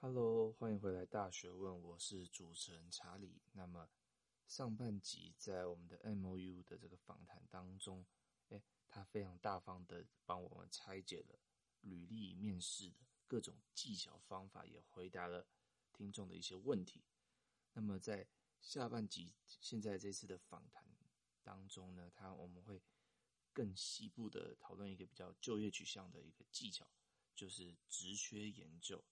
哈嘍，Hello, 歡迎回來《大學問》，我是主持人查理。那麼上半集在我們的 MOU 的這個訪談當中，誒、欸，他非常大方的幫我們拆解了履歷面試的各種技巧方法，也回答了聽眾的一些問題。那麼在下半集現在這次的訪談當中呢，他我們會更細部的討論一個比較就業取向的一個技巧，就是職缺研究。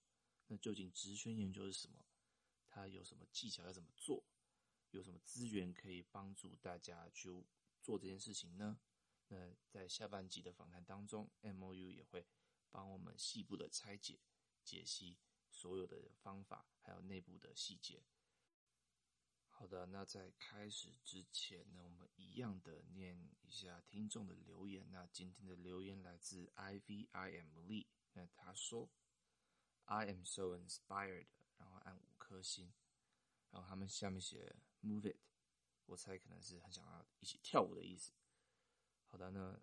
那究竟職缺研究是什麼？它有什麼技巧？要怎麼做？有什麼資源可以幫助大家去做這件事情呢？那在下半集的訪談當中，MOU 也會幫我們細部的拆解、解析所有的方法，還有內部的細節。好的，那在開始之前呢，我們一樣的念一下聽眾的留言。那今天的留言來自 I V I M Lee，那他說。I am so inspired，然後按五顆星，然後他們下面寫 Move it，我猜可能是很想要一起跳舞的意思。好的呢，那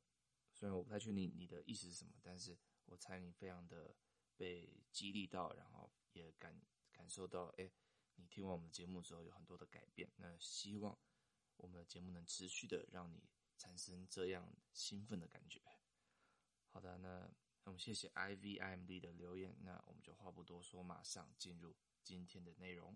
雖然我不太確定你，你的意思是什麼，但是我猜你非常的被激勵到，然後也感感受到，誒，你聽完我們節目之後有很多的改變。那希望我們的節目能持續的讓你產生這樣興奮的感覺。好的，那。那麼，嗯，謝謝 IVMD 的留言。那我們就話不多說，馬上進入今天的內容。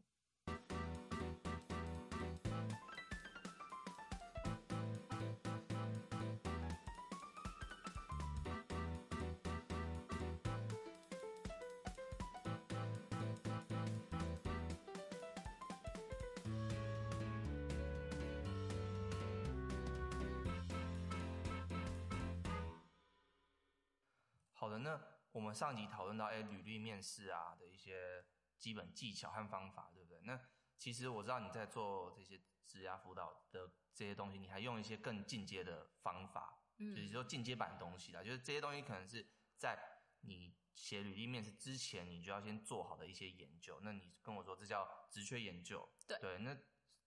好的，那我們上集討論到，哎，履歷面試啊的一些基本技巧和方法，對不對？那其實我知道你在做這些職涯輔導的這些東西，你還用一些更進階的方法，嗯，就是說進階版的東西啦，就是這些東西可能是在你寫履歷面試之前，你就要先做好的一些研究。那你跟我說，這叫職缺研究，對對，那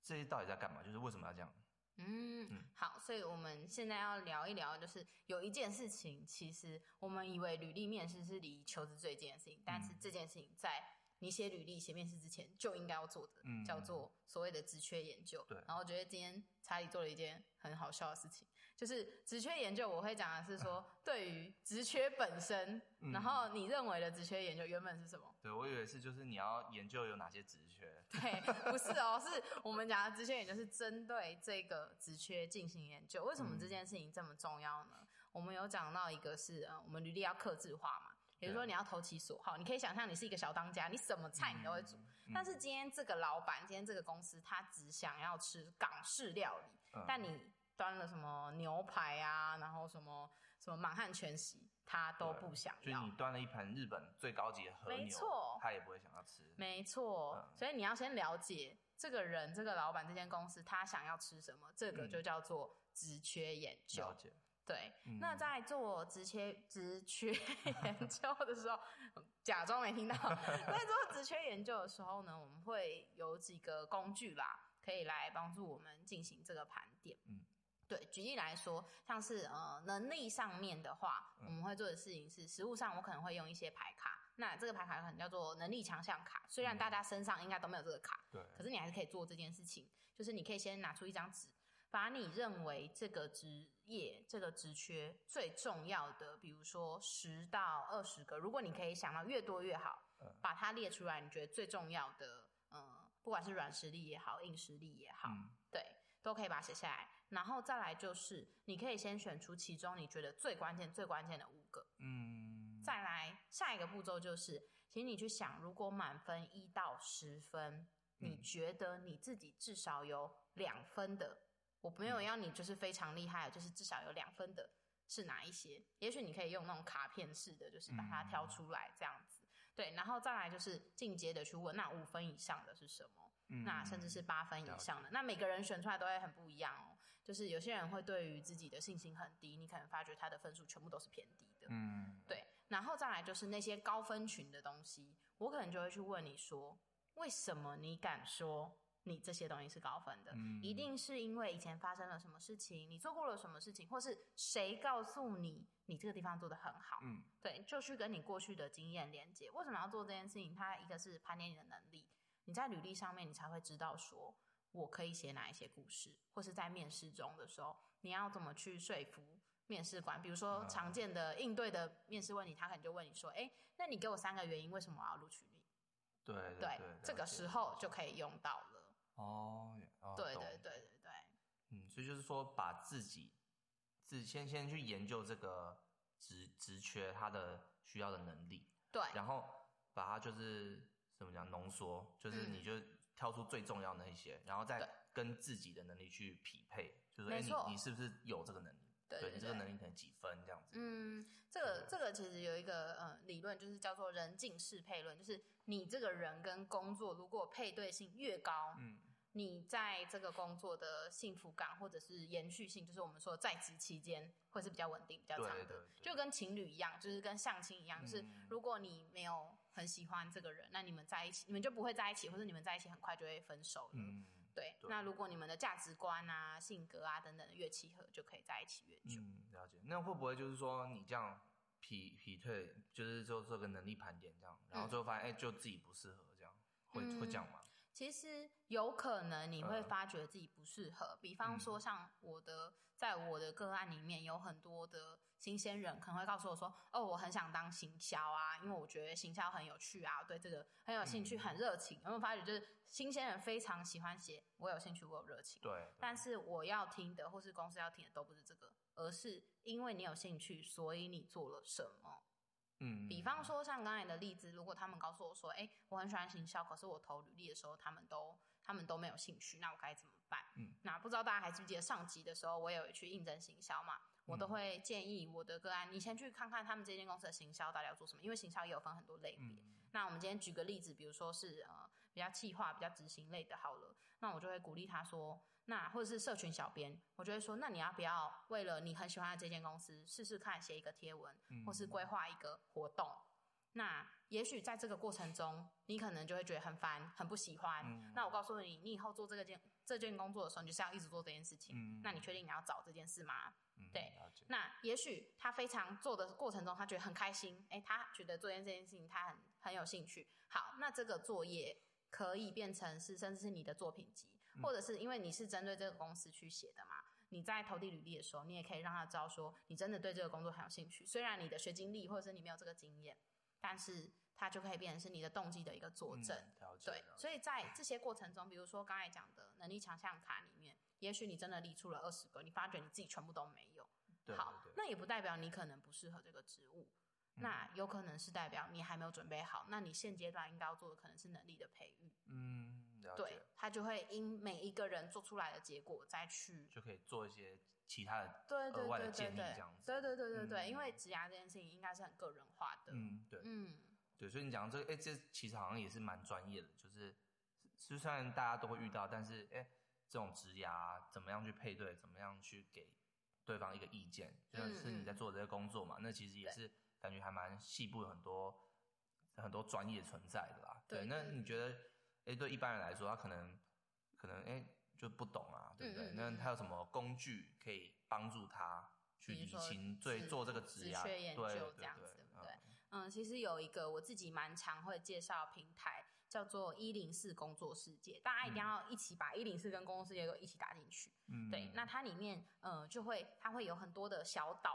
這些到底在幹嘛？就是為什麼要這樣？嗯，好，所以我們現在要聊一聊，就是有一件事情，其實我們以為履歷面試是離求職最近的事情，但是這件事情在你寫履歷、寫面試之前就應該要做的，叫做所謂的職缺研究。嗯、然後我覺得今天查理做了一件很好笑的事情。就是職缺研究，我會講的是說，對於職缺本身，嗯、然後你認為的職缺研究原本是什麼？對，我以為是，就是你要研究有哪些職缺。對，不是哦， 是我們講的職缺研究是針對這個職缺進行研究。為什麼這件事情這麼重要呢？嗯、我們有講到一個是、嗯、我們履歷要客製化嘛，也就是說你要投其所好，你可以想象你是一個小當家，你什麼菜你都會煮，嗯、但是今天這個老闆，今天這個公司，他只想要吃港式料理，嗯、但你，端了什麼牛排啊，然後什麼什麼滿漢全席，他都不想要。就是你端了一盤日本最高級的和牛，沒錯他也不會想要吃。沒錯，嗯、所以你要先了解這個人、這個老闆、這間公司他想要吃什麼，這個就叫做職缺研究。嗯、對，嗯、那在做職缺職缺研究的時候， 假裝沒聽到。 在做職缺研究的時候呢，我們會有幾個工具啦，可以來幫助我們進行這個盤點。嗯對，舉例來說，像是呃能力上面的話，嗯、我們會做的事情是，實務上我可能會用一些牌卡。那這個牌卡可能叫做能力強項卡，雖然大家身上應該都沒有這個卡，對、嗯，可是你還是可以做這件事情。就是你可以先拿出一張紙，把你認為這個職業這個職缺最重要的，比如說十到二十個，如果你可以想到越多越好，把它列出來。你覺得最重要的，嗯、呃，不管是軟實力也好，硬實力也好，嗯、對，都可以把它寫下來。然後再來就是，你可以先選出其中你覺得最關鍵、最關鍵的五個。嗯。再來下一個步驟就是，請你去想，如果滿分一到十分，你覺得你自己至少有兩分的。我沒有要你就是非常厲害，就是至少有兩分的，是哪一些？也許你可以用那種卡片式的，就是把它挑出來這樣子。對，然後再來就是進階的去問，那五分以上的是什麼？那甚至是八分以上的，那每個人選出來都會很不一樣哦、喔。就是有些人會對於自己的信心很低，你可能發覺他的分數全部都是偏低的。嗯，對。然後再來就是那些高分群的東西，我可能就會去問你說，為什麼你敢說你這些東西是高分的？嗯，一定是因為以前發生了什麼事情，你做過了什麼事情，或是誰告訴你你這個地方做得很好。嗯，對，就去跟你過去的經驗連接。為什麼要做這件事情？它一個是盤點你的能力，你在履歷上面你才會知道說。我可以寫哪一些故事，或是在面試中的時候，你要怎麼去說服面試官？比如說常見的應對的面試問題，他可能就問你說：“哎，那你給我三個原因，為什麼我要錄取你？”對，對對，對，了解，這個時候就可以用到了。哦，哦對，對對對對對。嗯，所以就是說，把自己自己先先去研究這個職，職缺他的需要的能力，對，然後把它就是怎麼講濃縮，就是你就。嗯挑出最重要的一些，然後再跟自己的能力去匹配，對就是你沒錯、欸、你是不是有這個能力？對、對、對你這個能力能幾分這樣子？嗯，這個、嗯、這個其實有一個呃理論，就是叫做人境適配論，就是你這個人跟工作如果配對性越高，嗯，你在這個工作的幸福感或者是延續性，就是我們說在職期間會是比較穩定、比較長的，對對對，就跟情侶一樣，就是跟相親一樣，嗯、就是如果你沒有。很喜歡這個人，那你們在一起，你們就不會在一起，嗯、或者你們在一起很快就會分手了。嗯，對。對那如果你們的價值觀啊、性格啊等等的越契合，就可以在一起越久。嗯，了解。那會不會就是說你這樣匹匹配，就是做做個能力盤點這樣，然後最後發現哎、嗯欸，就自己不適合這樣，會、嗯、會這樣嗎？其實有可能你會發覺自己不適合，呃、比方說像我的，嗯、在我的個案裡面有很多的。新鮮人可能會告訴我說：“哦，我很想當行銷啊，因為我覺得行銷很有趣啊，對這個很有興趣、嗯、很熱情。”有沒有發覺，就是新鮮人非常喜歡寫“我有興趣，我有熱情”。對。對。但是我要聽的，或是公司要聽的，都不是這個，而是因為你有興趣，所以你做了什麼。嗯。比方說，像剛才的例子，如果他們告訴我說：“哎、欸，我很喜歡行銷，可是我投履歷的時候，他們都他們都沒有興趣，那我該怎麼辦？”嗯。那不知道大家還記不記得上集的時候，我有去應徵行銷嘛？我都會建議我的個案，你先去看看他們這間公司的行銷到底要做什麼，因為行銷也有分很多類別。嗯、那我們今天舉個例子，比如說是呃比較企劃、比較執行類的，好了，那我就會鼓勵他說，那或者是社群小編，我就會說，那你要不要為了你很喜歡的這間公司，試試看寫一個貼文，或是規劃一個活動。嗯那也許在這個過程中，你可能就會覺得很煩，很不喜歡。嗯、那我告訴你，你以後做這個件這件工作的時候，你就是要一直做這件事情。嗯、那你確定你要找這件事嗎？嗯、對。了解。那也許他非常做的過程中，他覺得很開心。哎、欸，他覺得做件這件事情，他很很有興趣。好，那這個作業可以變成是，甚至是你的作品集，或者是因為你是針對這個公司去寫的嘛，你在投遞履歷的時候，你也可以讓他知道說，你真的對這個工作很有興趣，雖然你的學經歷或者是你沒有這個經驗。但是它就可以變成是你的動機的一個佐證，嗯、對，調整，所以在這些過程中，嗯、比如說剛才講的能力強項卡裡面，也許你真的列出了二十個，你發覺你自己全部都沒有，好，對對對，那也不代表你可能不適合這個職務，嗯、那有可能是代表你還沒有準備好，那你現階段應該要做的可能是能力的培育，嗯。對，他就會因每一個人做出來的結果再去，就可以做一些其他的額外的建議這樣子，對對對對對，對對對對嗯、因為職涯這件事情應該是很個人化的，嗯對嗯對，對，所以你講這個哎、欸、這其實好像也是蠻專業的，就是就算大家都會遇到，但是哎、欸、這種職涯、啊、怎麼樣去配對，怎麼樣去給對方一個意見，就是你在做這些工作嘛，嗯、那其實也是感覺還蠻細部，很多很多專業存在的啦。對，對，對，對，那你覺得？哎、欸，對一般人來說，他可能可能哎、欸、就不懂啊，對不對？嗯嗯，那他有什麼工具可以幫助他去釐清、去做這個職缺研究，對對對這樣子，對不對？嗯，嗯，其實有一個我自己蠻常會介紹的平台，叫做104工作世界，大家一定要一起把104跟工作世界都一起打進去。嗯，對。那它裡面，嗯、呃，就會它會有很多的小島，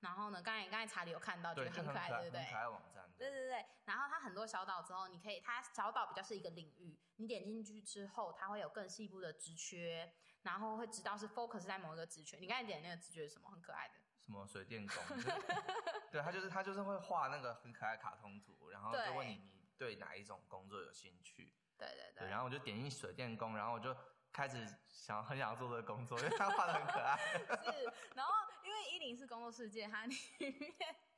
然後呢，剛才剛才查理有看到，覺得很可愛，對，可愛對不對？很可愛的網站對對對，然後它很多小島之後，你可以它小島比較是一個領域，你點進去之後，它會有更細部的職缺，然後會知道是 focus 在某一個職缺。你剛才點那個職缺是什麼？很可愛的。什麼水電工？ 對他就是他就是會畫那個很可愛的卡通圖，然後就問你對你對哪一種工作有興趣？對對對，對。然後我就點進水電工，然後我就開始想對很想要做這個工作，因為他畫的很可愛。 是，然後因為一零是工作世界，他裡面。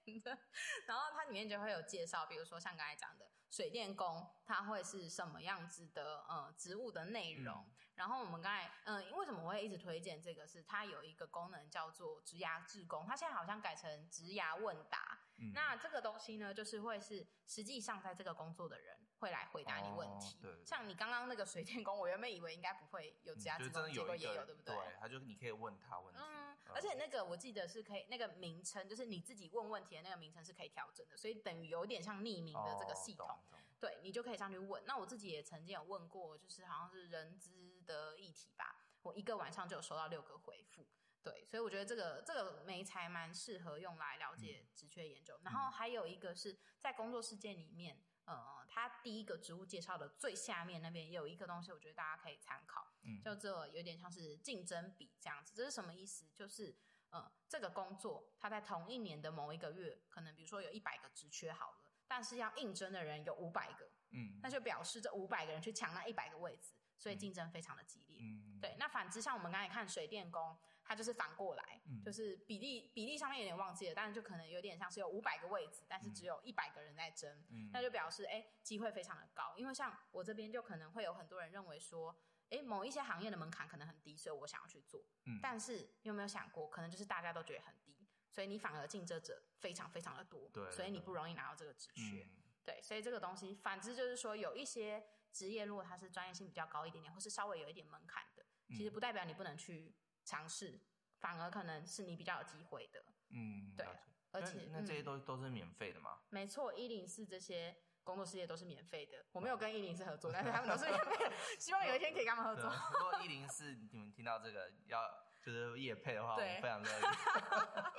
然後它裡面就會有介紹，比如說像剛才講的水電工，它會是什麼樣子的嗯、職、呃、務的內容。嗯、然後我們剛才嗯、呃，為什麼我會一直推薦這個是？是它有一個功能叫做職涯志工，它現在好像改成職涯問答。嗯、那這個東西呢，就是會是實際上在這個工作的人會來回答你問題。哦、對對對，像你剛剛那個水電工，我原本以為應該不會有職涯志工，結果也有，對不對？對，它就是你可以問他問題。嗯而且那個我記得是可以，Okay. 那個名稱就是你自己問問題的那個名稱是可以調整的，所以等於有點像匿名的這個系統，oh, 對，你就可以上去問。那我自己也曾經有問過，就是好像是人資的議題吧，我一個晚上就有收到六個回復。對，所以我覺得這個這個媒材蠻適合用來了解職缺研究。嗯、然後還有一個是在工作事件裡面，呃，它第一個職務介紹的最下面那邊也有一個東西，我覺得大家可以參考，叫做、嗯、有點像是競爭比這樣子。這是什麼意思？就是呃，這個工作它在同一年的某一個月，可能比如說有一百個職缺好了，但是要應徵的人有五百個，嗯，那就表示這五百個人去搶那一百個位置，所以競爭非常的激烈。嗯，嗯對。那反之，像我們剛才看水電工。它就是反過來，就是比例、嗯、比例上面有點忘記了，但是就可能有點像是有五百個位置，但是只有一百個人在爭，嗯、那就表示誒，機會非常的高。因為像我這邊就可能會有很多人認為說，欸、某一些行業的門檻可能很低，所以我想要去做。嗯、但是你有沒有想過，可能就是大家都覺得很低，所以你反而競爭者非常非常的多，對所以你不容易拿到這個職缺。嗯、對，所以這個東西，反之就是說，有一些職業如果它是專業性比較高一點點，或是稍微有一點門檻的，其實不代表你不能去。嘗試，反而可能是你比較有機會的。嗯，對，而且那這些都、嗯、都是免費的嘛？沒錯，一零四這些工作事業都是免費的。嗯、我沒有跟一零四合作， 但是他們都是免費。希望有一天可以跟他們合作。如果一零四你們聽到這個要就是業配的話，對我們非常樂意。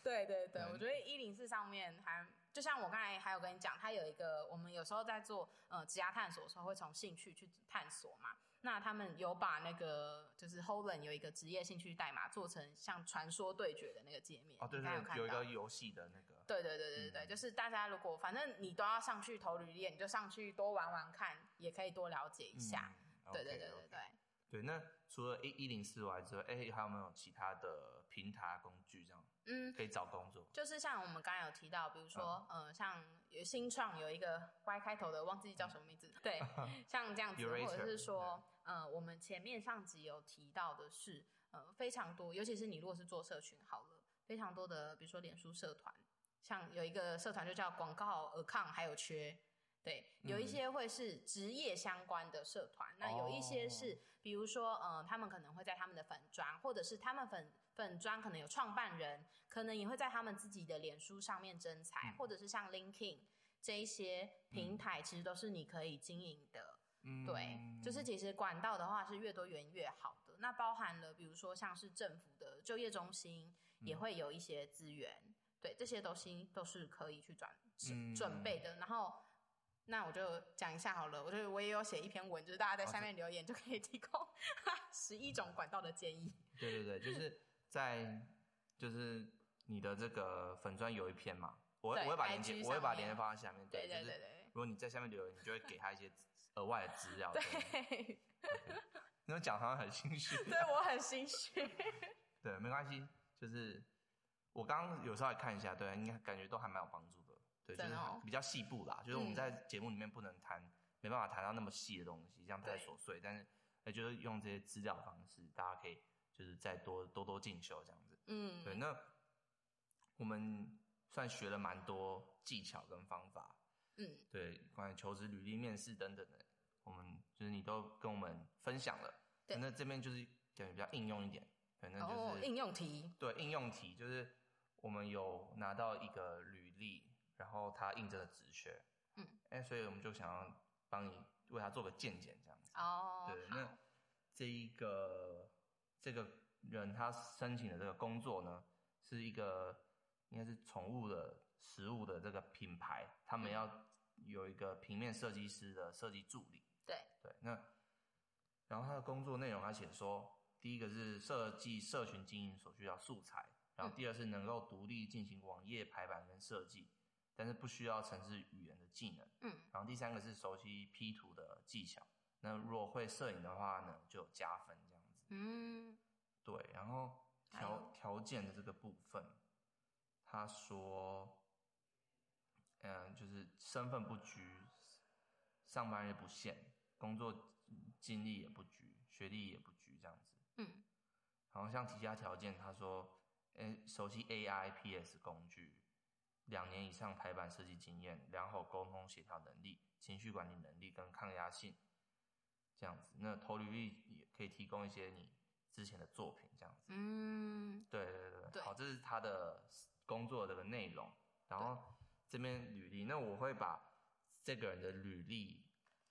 對對對，我覺得一零四上面還。就像我剛才還有跟你講，他有一個，我們有時候在做呃職業探索的時候，會從興趣去探索嘛。那他們有把那個就是 Holland 有一個職業興趣代碼，做成像傳說對決的那個界面。哦，對對、對，剛剛有，看有一個遊戲的那個。對對對對對，嗯、就是大家如果反正你都要上去投履歷，你就上去多玩玩看，也可以多了解一下。嗯、對對對對對。Okay, okay. 對、對，那除了一一零四之外，哎、欸，還有沒有其他的平台工作？嗯，可以找工作，就是像我們剛才有提到，比如說，嗯、呃，像有新創有一個 Y 開頭的，忘記叫什麼名字，嗯、對，像這樣子， Your writer, 或者是說，呃，我們前面上集有提到的是，呃，非常多，尤其是你如果是做社群好了，非常多的，比如說臉書社團，像有一個社團就叫廣告爾康，還有缺。對，有一些會是職業相關的社團，嗯、那有一些是，哦、比如說，嗯、呃，他們可能會在他們的粉專，或者是他們粉粉專可能有創辦人，可能也會在他們自己的臉書上面徵才，嗯、或者是像 LinkedIn 這一些平台，其實都是你可以經營的。嗯、對，就是其實管道的話是越多元越好的，那包含了比如說像是政府的就業中心、嗯、也會有一些資源，對，這些都是都是可以去轉準、嗯、準備的，然後那我就講一下好了，我就我也有寫一篇文，就是大家在下面留言就可以提供十一種管道的建議。對對對，就是在、嗯、就是你的這個粉專有一篇嘛，我對我會把鏈接我會把鏈接放在下面，對，對對對對。如果你在下面留言，你就會給他一些額外的資料。對，你們講他很心虛、啊。對我很心虛。 對，沒關係，就是我剛剛有稍微看一下，對，應該感覺都還蠻有幫助。對，就是比較細部啦，就是我們在節目裡面不能談，嗯、沒辦法談到那麼細的東西，這樣太瑣碎。對但是，呃、欸，就是用這些資料方式，大家可以就是再多多多進修這樣子。嗯，對。那我們算學了蠻多技巧跟方法。嗯，對，關於求職、履歷、面試等等的，我們就是你都跟我們分享了。對。那這邊就是講的比較應用一點，反正就是哦哦應用題。對，應用題就是我們有拿到一個履歷。然後他應徵的職缺，嗯，哎、欸，所以我們就想要幫你為他做個健檢這樣子。哦，對，好那這一個這個人他申請的這個工作呢，是一個應該是寵物的食物的這個品牌，他們要有一個平面設計師的設計助理。對、嗯、對，那然後他的工作內容他寫說，第一個是設計社群經營所需要素材，然後第二是能夠獨立進行網頁排版跟設計。但是不需要程式語言的技能，嗯，然後第三個是熟悉 P 圖的技巧。那如果會攝影的話呢，就有加分這樣子，嗯，對。然後條條件的這個部分，他說，嗯、呃，就是身份不拘，上班也不限，工作經歷也不拘，學歷也不拘這樣子，嗯。然後像其他條件，他說，哎、欸，熟悉 AI、PS 工具。兩年以上排版設計經驗，良好溝通協調能力、情緒管理能力跟抗壓性，這樣子。那投履歷也可以提供一些你之前的作品，這樣子。嗯，對對對。對。好，這是他的工作的這個內容。然後對這邊履歷，那我會把這個人的履歷，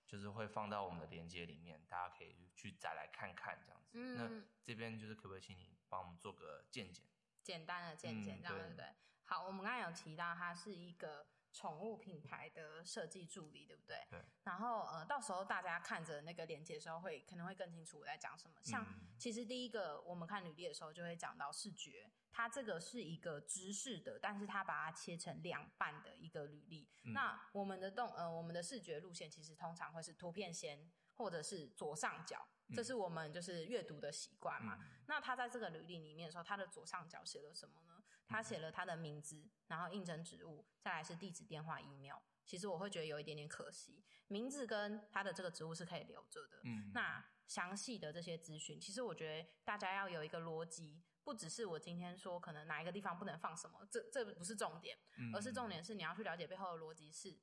就是會放到我們的連結裡面，大家可以去再來看看，這樣子。嗯，那這邊就是可不可以請你幫我們做個健檢，簡單的健檢，這樣對不對？嗯對。好，我們剛才有提到，它是一個寵物品牌的設計助理，對不對？對。然後呃，到時候大家看着那個連結的時候會，會可能會更清楚我在講什麼。像、嗯、其實第一個，我們看履歷的時候就會講到視覺，它這個是一個直式的，但是它把它切成兩半的一個履歷。嗯、那我們的動呃，我們的視覺路線其實通常會是圖片先，或者是左上角，這是我們就是閱讀的習慣嘛。嗯、那它在這個履歷裡面的時候，它的左上角寫了什麼呢？他寫了他的名字，然後應徵職務，再來是地址、電話、email。其實我會覺得有一點點可惜，名字跟他的這個職務是可以留着的。嗯，那詳細的這些資訊，其實我覺得大家要有一個邏輯，不只是我今天說可能哪一個地方不能放什麼，這這不是重點，而是重點是你要去了解背後的邏輯是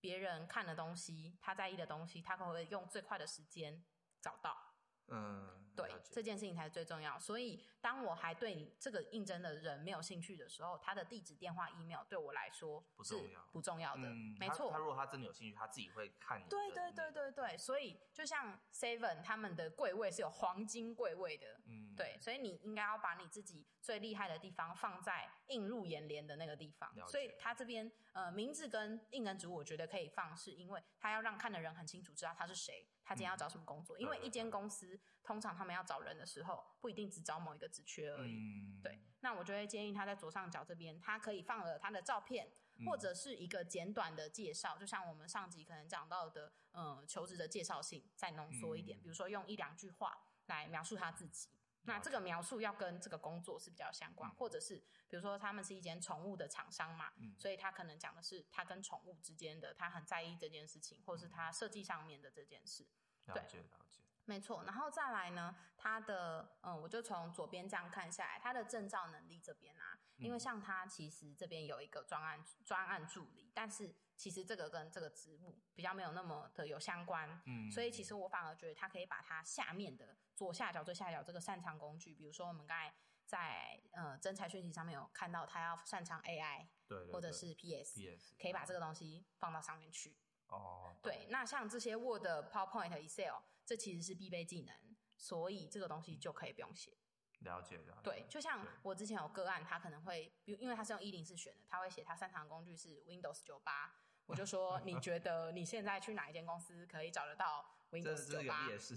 別人看的東西，他在意的東西，他可會用最快的時間找到。嗯。呃對解這件事情才是最重要的，所以當我還對你這個應徵的人沒有興趣的時候，他的地址、電話、email 對我來說不重要，不重要的，沒錯。他如果他真的有興趣，他自己會看你的。對,對對對對對，所以就像 Seven 他們的櫃位是有黃金櫃位的，嗯，對，所以你應該要把你自己最厲害的地方放在映入眼簾的那個地方。解所以他這邊呃名字跟應徵組我覺得可以放，是因為他要讓看的人很清楚知道他是誰，他今天要找什麼工作，嗯、因為一間公司。通常他們要找人的時候，不一定只找某一個職缺而已。嗯、對，那我就會建議他在左上角這邊，他可以放了他的照片，或者是一個簡短的介紹，嗯、就像我們上集可能講到的，嗯、呃，求職的介紹信再濃縮一點，嗯、比如說用一兩句話來描述他自己。嗯、那這個描述要跟這個工作是比較相關，嗯、或者是比如說他們是一間寵物的廠商嘛，嗯、所以他可能講的是他跟寵物之間的，他很在意這件事情，嗯、或者是他設計上面的這件事。了解，了解。沒錯，然後再來呢，他的嗯、呃，我就從左邊這樣看下來，他的證照能力這邊啊，嗯、因為像他其實這邊有一個專案專案助理，但是其實這個跟這個職務比較沒有那麼的有相關，嗯，所以其實我反而覺得他可以把他下面的左下角最下角這個擅長工具，比如說我們剛才在呃徵才訊息上面有看到他要擅長 AI，對，對，對，或者是 PS，PS 可以把這個東西放到上面去。嗯哦，oh, 對，了那像這些 Word、PowerPoint、Excel，這其實是必備技能，所以這個東西就可以不用寫。了解了解。對，就像我之前有個案，他可能會，因為他是用一零四選的，他會寫他擅長的工具是 Windows 九八。我 就說，你覺得你現在去哪一間公司可以找得到 Windows 九八？這是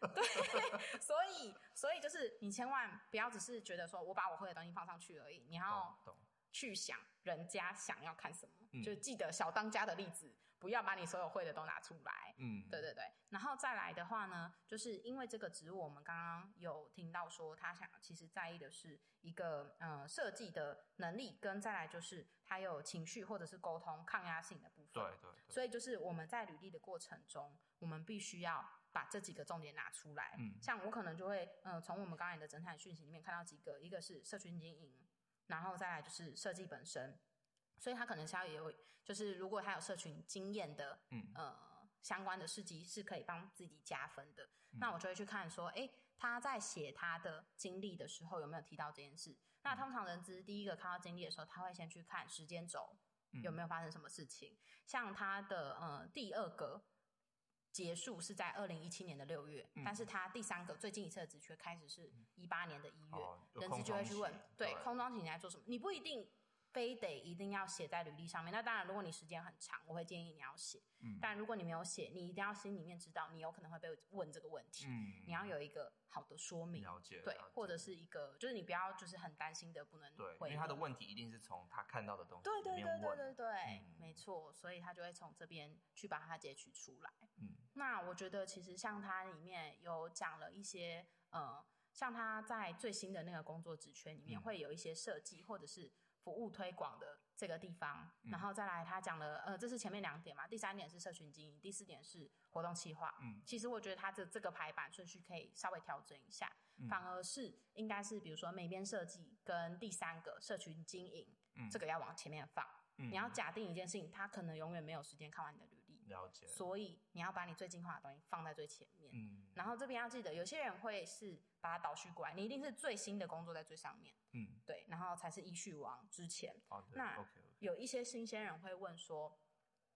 個。對，所以，所以就是你千萬不要只是覺得說我把我會的東西放上去而已，你要去想人家想要看什麼。懂就記得小當家的例子。嗯不要把你所有會的都拿出來。嗯，對對對。然後再來的話呢，就是因為這個職務，我們剛剛有聽到說，他想其實在意的是一個嗯、呃、設計的能力，跟再來就是他有情緒或者是溝通抗壓性的部分。對對，對。所以就是我們在履歷的過程中，我們必須要把這幾個重點拿出來。嗯，像我可能就會嗯、呃、從我們剛才的整場訊息裡面看到幾個，一個是社群經營，然後再來就是設計本身。所以他可能是要有，就是如果他有社群經驗的，嗯，呃，相關的事蹟是可以幫自己加分的。嗯、那我就會去看說，誒、欸，他在寫他的經歷的時候有沒有提到這件事？嗯、那通常人資第一個看到經歷的時候，他會先去看時間軸有沒有發生什麼事情。嗯、像他的呃第二個結束是在二零一七年的六月，嗯、但是他第三個最近一次的職缺開始是一八年的一月，嗯哦、人資就會去問，對，對空窗期你在做什麼？你不一定，非得一定要寫在履歷上面。那當然，如果你時間很長，我會建議你要寫。嗯、但如果你沒有寫，你一定要心裡面知道，你有可能會被問這個問題。嗯、你要有一個好的說明。了解。對，了解或者是一個，就是你不要，就是很擔心的不能回答。對，因為他的問題一定是從他看到的東西裡面問。對對對對對對，、嗯、沒錯，所以他就會從這邊去把它截取出來。嗯、那我覺得其實像他裡面有講了一些、呃，像他在最新的那個工作職缺裡面會有一些設計，嗯、或者是。服務推廣的這個地方，然後再來他講了，呃，這是前面兩點嘛。第三點是社群經營，第四點是活動企劃。嗯，其實我覺得他的這，這個排版順序可以稍微調整一下，反而是應該是比如說美編設計跟第三個社群經營，嗯，這個要往前面放。嗯，你要假定一件事情，他可能永遠沒有時間看完你的。所以你要把你最精華的東西放在最前面。嗯、然後這邊要記得，有些人會是把它倒序過來，你一定是最新的工作在最上面。嗯、對，然後才是依序往之前。哦、那 okay, okay, 有一些新鮮人會問說，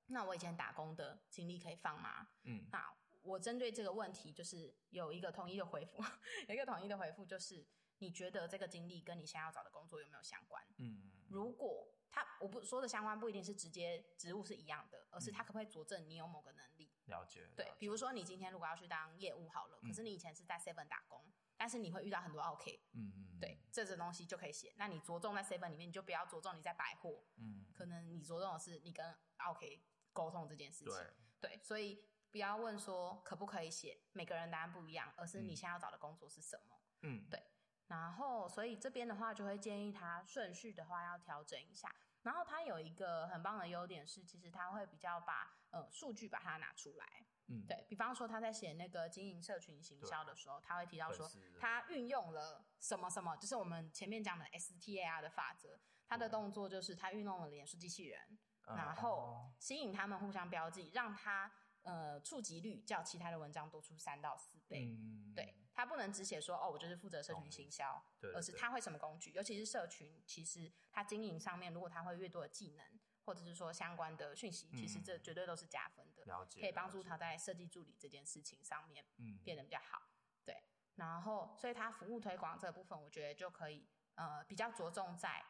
那我以前打工的經歷可以放嗎？嗯、那我針對這個問題，就是有一個統一的回復， 有一個統一的回復就是，你覺得這個經歷跟你現在要找的工作有沒有相關？嗯、如果。他我不說的相關不一定是直接職務是一樣的，而是他可不可以佐證你有某個能力？嗯、了解。了解對，比如說你今天如果要去當業務好了，嗯、可是你以前是在 Seven 打工，但是你會遇到很多 OK，嗯嗯，嗯對，這種東西就可以寫。那你着重在 Seven 裡面，你就不要着重你在百貨，嗯，可能你着重的是你跟 OK 溝通這件事情，對，對。所以不要問說可不可以寫，每個人答案不一樣，而是你現在要找的工作是什麼？嗯，嗯對。然後所以這邊的話就會建議他順序的話要調整一下。然後他有一個很棒的優點是，其實他會比較把呃數據把它拿出來，嗯，對，比方說他在寫那個經營社群行銷的時候，啊、他會提到說他運用了什麼什麼，就是我們前面講的 S T A R 的法則，他的動作就是他運用了臉書機器人，啊、然後吸引他們互相標記，讓他呃觸及率較其他的文章多出三到四倍，嗯、對。他不能只寫說哦，我就是負責社群行銷，Okay. 對對對，而是他會什麼工具？尤其是社群，其實他經營上面，如果他會越多的技能，或者是說相關的訊息，其實這絕對都是加分的，嗯，了解，可以幫助他在設計助理這件事情上面，嗯，變得比較好，對。然後，所以他服務推廣這部分，我覺得就可以，呃，比較着重在，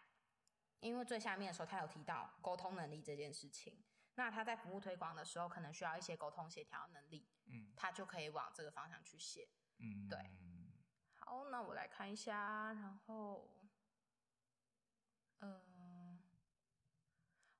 因為最下面的時候他有提到溝通能力這件事情，那他在服務推廣的時候，可能需要一些溝通協調能力，嗯，他就可以往這個方向去寫。嗯，對。好，那我來看一下，然後，嗯、呃，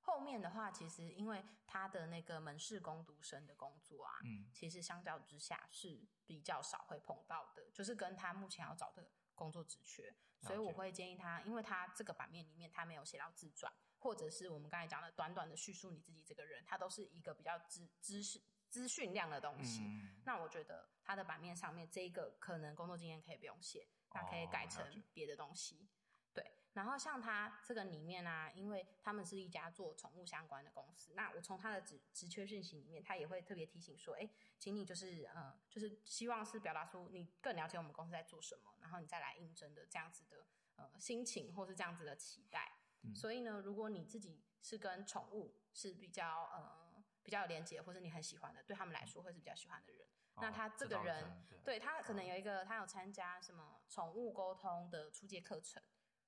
後面的話，其實因為他的那個門市工讀生的工作啊，嗯、其實相較之下是比較少會碰到的，就是跟他目前要找的工作職缺，所以我會建議他，因為他這個版面裡面他沒有寫到自傳，或者是我們剛才講的短短的敘述你自己這個人，他都是一個比較知知識。資訊量的東西，嗯、那我覺得他的版面上面這個可能工作經驗可以不用寫，那可以改成別的東西。嗯、對，然後像他這個裡面呢、啊，因為他們是一家做寵物相關的公司，那我從他的職缺訊息裡面，他也會特別提醒說，哎、欸，請你就是呃，就是希望是表達出你更了解我們公司在做什麼，然後你再來應徵的這樣子的呃心情或是這樣子的期待。嗯、所以呢，如果你自己是跟寵物是比較呃。比較有連結或是你很喜歡的，對他們來說會是比較喜歡的人。哦、那他這個人，對，對他可能有一個，嗯、他有參加什麼寵物溝通的初階課程，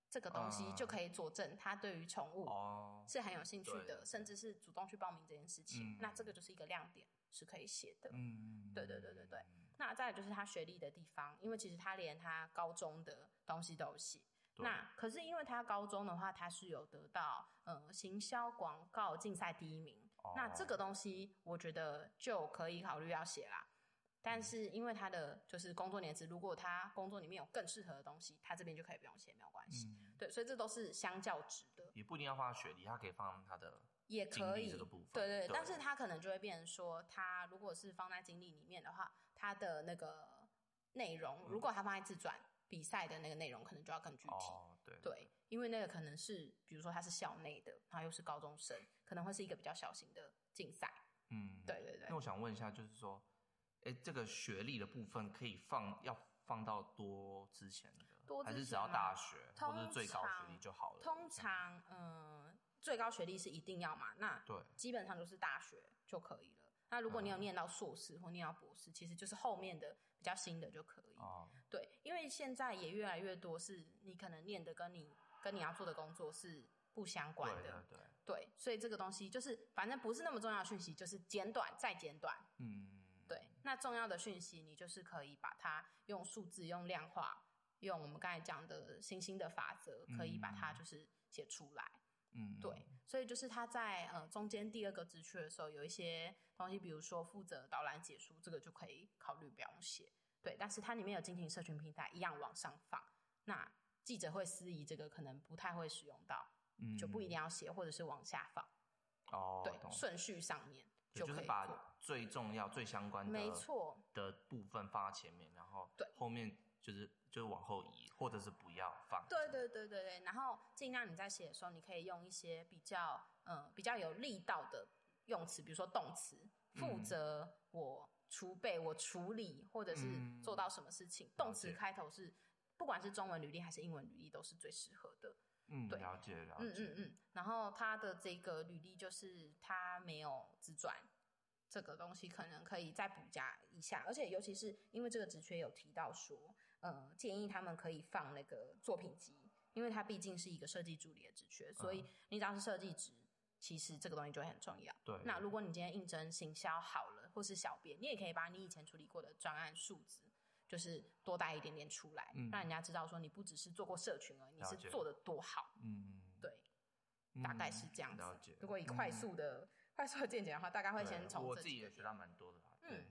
這個東西就可以佐證他對於寵物、嗯、是很有興趣的，哦、甚至是主動去報名這件事情。嗯、那這個就是一個亮點，是可以寫的。嗯對對對對對。嗯、那再來就是他學歷的地方，因為其實他連他高中的東西都有寫。對那可是因為他高中的話，他是有得到呃行銷廣告競賽第一名。那這個東西，我覺得就可以考慮要寫啦。但是因為他的就是工作年資，如果他工作裡面有更適合的東西，他這邊就可以不用寫，沒有關係。嗯、對，所以這都是相較值的。也不一定要放在學歷，他可以放他的經歷這個部分。也可以、對，對對，對但是他可能就會變成說，他如果是放在經歷裡面的話，他的那個內容，如果他放在自傳、嗯、比賽的那個內容，可能就要更具體。哦、對，對，對，對，因為那個可能是，比如說他是校內的，他又是高中生。可能會是一個比較小型的競賽，嗯，對對對。那我想問一下，就是說，哎，這個學歷的部分可以放，要放到多之前的多之前啊？還是只要大學，通常，或是最高學歷就好了？通常，這樣。嗯，最高學歷是一定要嘛？那對，基本上都是大學就可以了。那如果你有念到碩士或念到博士，嗯，其實就是後面的比較新的就可以。哦，對，因為現在也越來越多，是你可能念的跟你跟你要做的工作是不相關的。對，對對。對，所以這個東西就是反正不是那麼重要的訊息，就是簡短再簡短。嗯，對。那重要的訊息，你就是可以把它用數字、用量化、用我們剛才講的新興的法則，可以把它就是寫出來。嗯，對。所以就是它在呃中間第二個職缺的時候，有一些東西，比如說負責導覽解說，這個就可以考慮不用寫。對，但是它裡面有進行社群平台一樣往上放。那記者會司儀這個可能不太會使用到，就不一定要寫，或者是往下放，哦，對，順懂序上面就可以、就是、把最重要、最相關的沒錯錯的部分放在前面，然後對後面就是對就是往後移，或者是不要放。對對對對對，然後盡量你在寫的時候，你可以用一些比較、嗯、比較有力道的用詞，比如說動詞，負責我儲備、嗯、我處理或者是做到什麼事情，嗯、動詞開頭是，哦、不管是中文履歷還是英文履歷，都是最適合的。嗯，對，了解了解，嗯嗯嗯，然後他的這個履歷就是他沒有自傳，這個東西可能可以再補加一下。而且，尤其是因為這個職缺有提到說，呃，建議他們可以放那個作品集，因為它畢竟是一個設計助理的職缺，所以你只要是設計職，其實這個東西就很重要。嗯、對。那如果你今天應徵行銷好了，或是小編，你也可以把你以前處理過的專案數值。就是多帶一點點出來，讓人家知道說你不只是做過社群而已，你是做的多好。嗯對，大概是這樣子。如果以快速的、快速的健檢的話，大概會先從。我自己也學到蠻多的。嗯，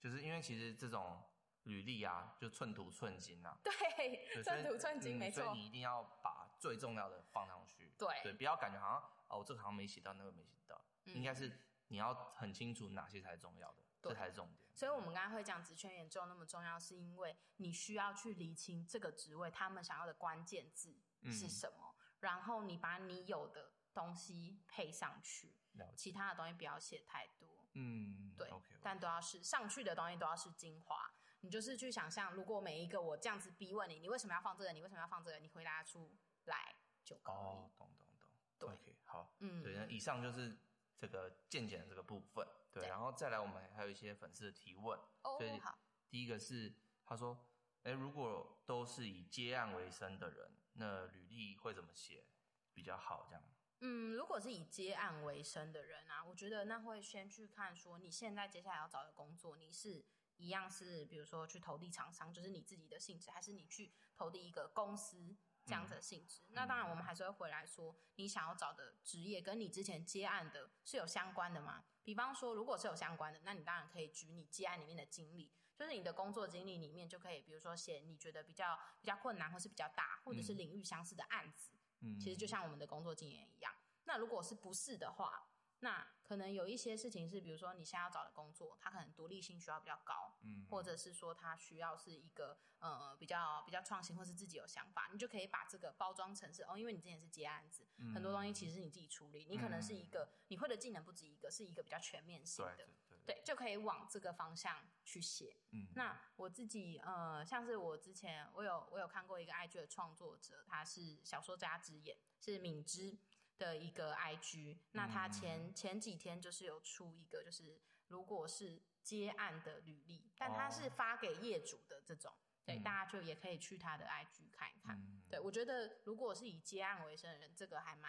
就是因為其實這種履歷啊，就寸土寸金吶。對，寸土寸金沒錯。所以你一定要把最重要的放上去。對對，不要感覺好像哦，我這個好像沒寫到，那個沒寫到。應該是你要很清楚哪些才是重要的，這才是重點。所以我們剛才會講職缺研究那麼重要，是因為你需要去釐清這個職位他們想要的關鍵字是什麼，嗯、然後你把你有的東西配上去，了解其他的東西不要寫太多。嗯，對，okay, 但都要是上去的東西都要是精華。你就是去想象，如果每一個我這樣子逼問你，你為什麼要放這個？你為什麼要放這個？你回答出來就可以。哦，懂懂懂。對，好，嗯，對，那以上就是這個健檢這個部分。對，然後再來，我們還、還有一些粉絲的提問。哦，好。第一個是他說誒：“如果都是以接案為生的人，那履歷會怎麼寫比較好？這樣？”嗯，如果是以接案為生的人啊，我覺得那會先去看說你現在接下來要找的工作，你是一樣是比如說去投遞廠商，就是你自己的性質，還是你去投遞一個公司？這樣子的性質，嗯嗯、那當然我們還是會回來說，你想要找的職業跟你之前接案的是有相關的嗎？比方說，如果是有相關的，那你當然可以舉你接案裡面的經歷，就是你的工作經歷裡面就可以，比如說寫你覺得比較比較困難或是，比較大或者是領域相似的案子，嗯，其實就像我們的工作經驗一樣。那如果是不是的話？那可能有一些事情是，比如說你現在要找的工作，它可能獨立性需要比較高，嗯，或者是說它需要是一個呃比較比較創新，或是自己有想法，你就可以把這個包裝成是哦，因為你之前是接案子，很多東西其實是你自己處理，嗯、你可能是一個、嗯、你會的技能不止一個，是一個比較全面性的，對，對，對，對，對，就可以往這個方向去寫。嗯哼，那我自己呃，像是我之前我有我有看過一個 IG 的創作者，他是小說家之眼，是敏芝。的一個 IG，那他前、嗯、前幾天就是有出一個，就是如果是接案的履歷，但他是發給業主的這種，哦、對，嗯、大家就也可以去他的 IG 看一看。嗯、對我覺得，如果是以接案為生的人，這個還蠻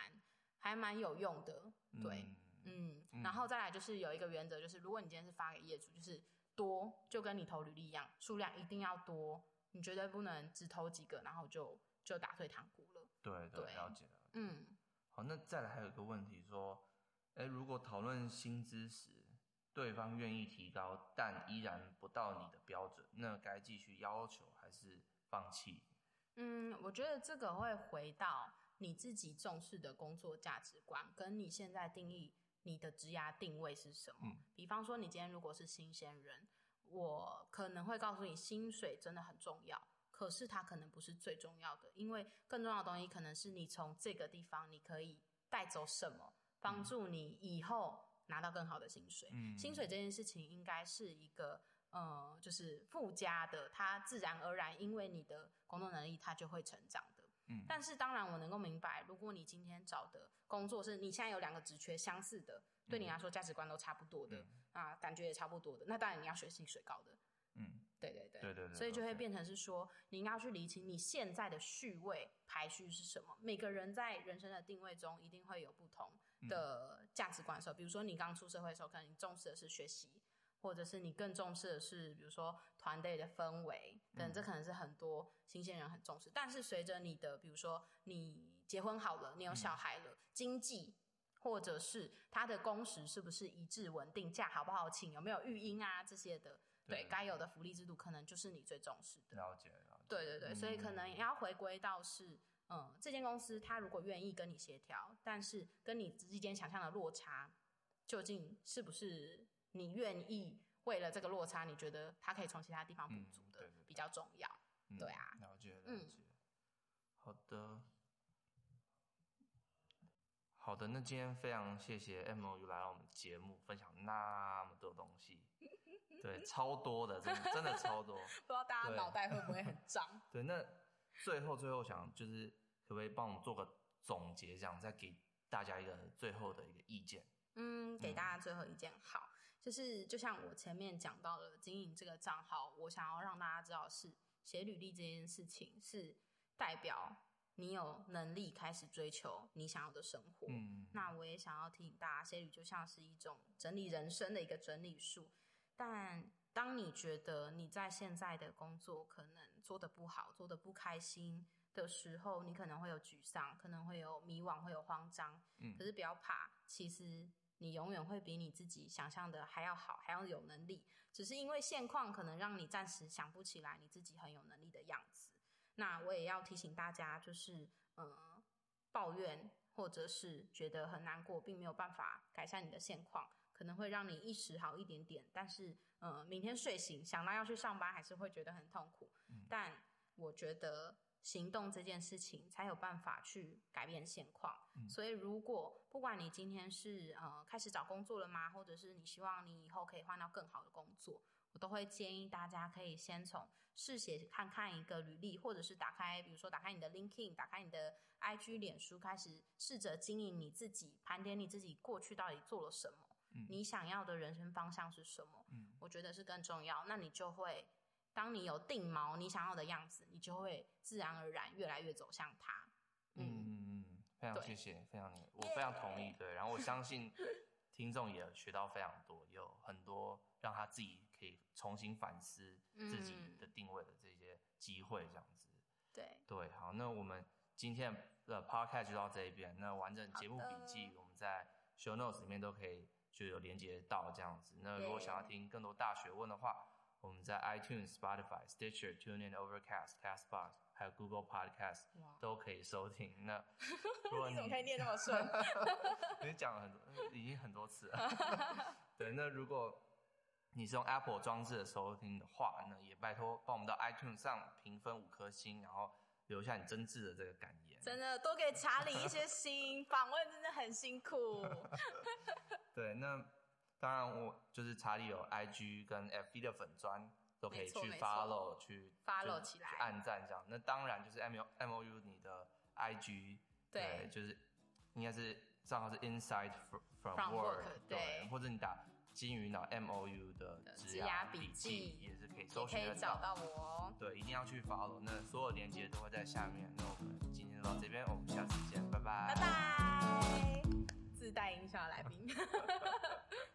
還蠻有用的。對，嗯、嗯，然後再來就是有一個原則，就是如果你今天是發給業主，就是多，就跟你投履歷一樣，數量一定要多，你絕對不能只投幾個，然後就就打退堂鼓了。對、對對，對，了解了，嗯。哦、那再來還有一個問題，說，誒、欸，如果討論薪資時，對方願意提高，但依然不到你的標準，那該繼續要求還是放棄？嗯，我覺得這個會回到你自己重視的工作價值觀，跟你現在定義你的職涯定位是什麼。比方說你今天如果是新鮮人，我可能會告訴你薪水真的很重要。可是它可能不是最重要的，因為更重要的東西可能是你從這個地方你可以帶走什麼，幫助你以後拿到更好的薪水。嗯，薪水這件事情應該是一個呃，嗯，就是附加的，它自然而然因為你的工作能力它就會成長的。嗯，但是當然我能夠明白，如果你今天找的工作是你現在有兩個職缺相似的，對你來說價值觀都差不多的，嗯，啊，感覺也差不多的，那當然你要學薪水高的。對對對，對對對，所以就會變成是說，你應該 okay 要去理清你現在的序位排序是什麼。每個人在人生的定位中，一定會有不同的價值觀的時候，嗯、比如說你剛出社會的時候，可能你重視的是學習，或者是你更重視的是，比如說團隊的氛圍等。這可能是很多新鮮人很重視。嗯、但是隨着你的，比如說你結婚好了，你有小孩了，嗯、經濟或者是他的工時是不是一致穩定，假好不好請，有沒有育嬰啊這些的。對，對，對，對，該有的福利制度，可能就是你最重視的。了解。了解對對對，嗯、所以可能也要回歸到是，嗯，嗯，這間公司他如果願意跟你協調，但是跟你之間想象的落差，究竟是不是你願意為了這個落差，你覺得他可以從其他地方補足的，比較重要。嗯，對，對，對，嗯、對啊。了解，了解。嗯、好的。好的，那今天非常謝謝 M O U 來到我們節目，分享那麼多東西，對，超多的，真的真的超多， 不知道大家腦袋會不會很脹？對，那最後最後想就是，可不可以幫我們做個總結，這樣再給大家一個最後的一個意見？嗯，給大家最後一件。嗯、好，就是就像我前面講到的，經營這個賬號，我想要讓大家知道是寫履歷這件事情是代表你有能力開始追求你想要的生活，嗯、那我也想要提醒大家，履歷就像是一種整理人生的一個整理術。但當你覺得你在現在的工作可能做得不好、做得不開心的時候，你可能會有沮喪，可能會有迷惘，會有慌張。可是不要怕，其實你永遠會比你自己想象的還要好，還要有能力。只是因為現況可能讓你暫時想不起來你自己很有能力的樣子。那我也要提醒大家，就是，嗯、呃，抱怨或者是覺得很難過，並沒有辦法改善你的現況，可能會讓你一時好一點點，但是，嗯、呃，明天睡醒想到要去上班，還是會覺得很痛苦。嗯、但我覺得行動這件事情才有辦法去改變現況。嗯、所以，如果不管你今天是呃開始找工作了嗎，或者是你希望你以後可以換到更好的工作。我都會建議大家可以先從試寫看看一個履歷，或者是打開，比如說打開你的 LinkedIn 打開你的 IG、臉書，開始試着經營你自己，盤點你自己過去到底做了什麼，嗯、你想要的人生方向是什麼？嗯、我覺得是更重要。那你就會，當你有定錨你想要的樣子，你就會自然而然越來越走向他。嗯嗯嗯,嗯，非常謝謝，對非常我非常同意，Yeah. 對，然後我相信聽眾也學到非常多， 有很多讓他自己。可以重新反思自己的定位的這些機會，這樣子、嗯。對，對，好，那我們今天的 podcast 就到這一邊。那完整節目筆記，我們在 show notes 裡面都可以就有連接到這樣子。那如果想要聽更多大學問的話，對我們在 iTunes、Spotify、Stitcher、TuneIn、Overcast、Castbox 還有 Google Podcast 都可以收聽。那如果你，你怎麼可以念那麼順？ 你講了很多，已經很多次了。 對，那如果。你是用 Apple 裝置的時候聽的話呢，也拜託幫我們到 iTunes 上評分五顆星，然後留下你真摯的這個感言。真的，多給查理一些星。訪 問真的很辛苦。 對，那當然我就是查理有 I G 跟 F B 的粉專都可以去，follow，去 follow 去 follow 起來，按讚這樣。那當然就是 MOU MOU 你的 I G 對，就是應該是賬號是 Insight From Work 對，或者你打。金魚腦 M O U 的職涯筆記也是可以搜尋，都可以找到我哦。對，一定要去 follow。那所有鏈接都會在下面。那我們今天就到這邊，我們下次見，拜拜。拜拜。自帶音效的來賓。